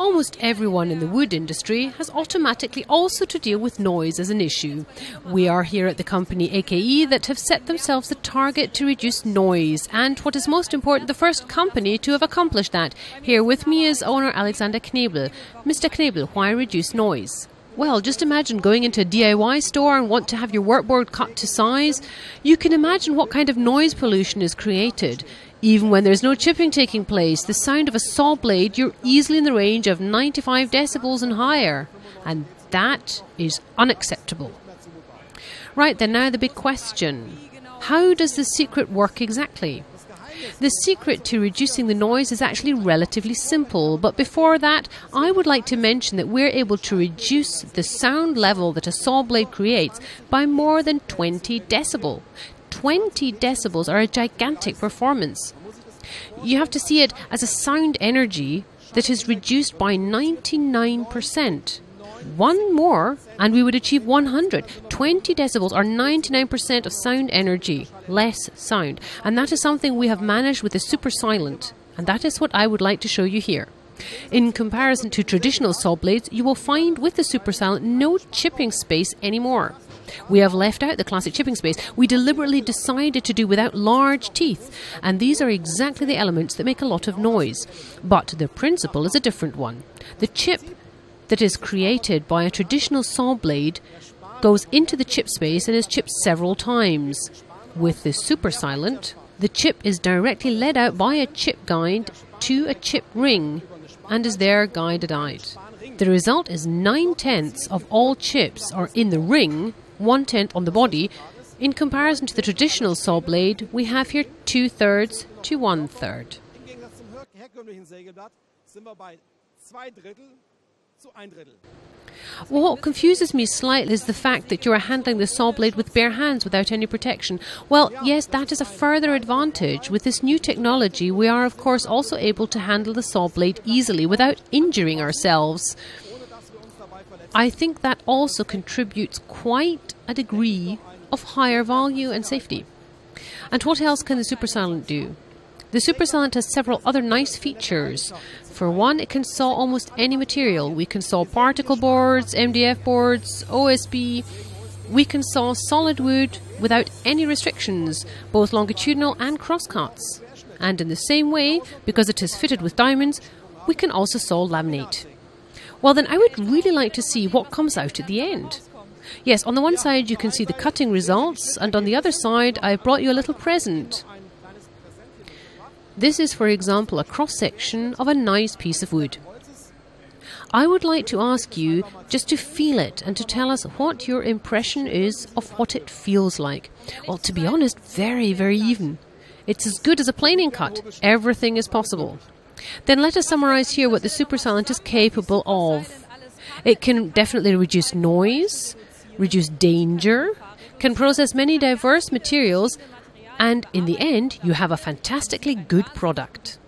Almost everyone in the wood industry has automatically also to deal with noise as an issue. We are here at the company AKE that have set themselves the target to reduce noise, and what is most important, the first company to have accomplished that. Here with me is owner Alexander Knebel. Mr. Knebel, why reduce noise? Well, just imagine going into a DIY store and want to have your workboard cut to size. You can imagine what kind of noise pollution is created. Even when there's no chipping taking place, the sound of a saw blade, you're easily in the range of 95 decibels and higher. And that is unacceptable. Right then, now the big question How does the secret work exactly? The secret to reducing the noise is actually relatively simple, but before that, I would like to mention that we're able to reduce the sound level that a saw blade creates by more than 20 decibel. 20 decibels are a gigantic performance. You have to see it as a sound energy that is reduced by 99% one more and we would achieve 100. 20 decibels are 99% of sound energy, less sound. And that is something we have managed with the super silent. And that is what I would like to show you here. In comparison to traditional saw blades, you will find with the super silent no chipping space anymore. We have left out the classic chipping space we deliberately decided to do without large teeth, and these are exactly the elements that make a lot of noise. But the principle is a different one. The chip that is created by a traditional saw blade goes into the chip space and is chipped several times. With the super silent, the chip is directly led out by a chip guide to a chip ring and is there guided out. The result is 9 tenths of all chips are in the ring, 1 tenth on the body. In comparison to the traditional saw blade, we have here 2 thirds to 1 third. What confuses me slightly is the fact that you are handling the saw blade with bare hands without any protection. Well, yes, that is a further advantage. With this new technology, we are, of course, also able to handle the saw blade easily without injuring ourselves. I think that also contributes quite a degree of higher value and safety. And what else can the Super Silent do? The silent has several other nice features. For one, it can saw almost any material. We can saw particle boards, MDF boards, OSB. We can saw solid wood without any restrictions, both longitudinal and crosscuts. And in the same way, because it is fitted with diamonds, we can also saw laminate. Well then, I would really like to see what comes out at the end. Yes, on the one side you can see the cutting results, and on the other side I've brought you a little present. This is, for example, a cross-section of a nice piece of wood. I would like to ask you just to feel it and to tell us what your impression is of what it feels like. Well, to be honest, very, very even. It's as good as a planing cut. Everything is possible. Then let us summarize here what the super silent is capable of. It can definitely reduce noise, reduce danger, can process many diverse materials, and in the end, you have a fantastically good product.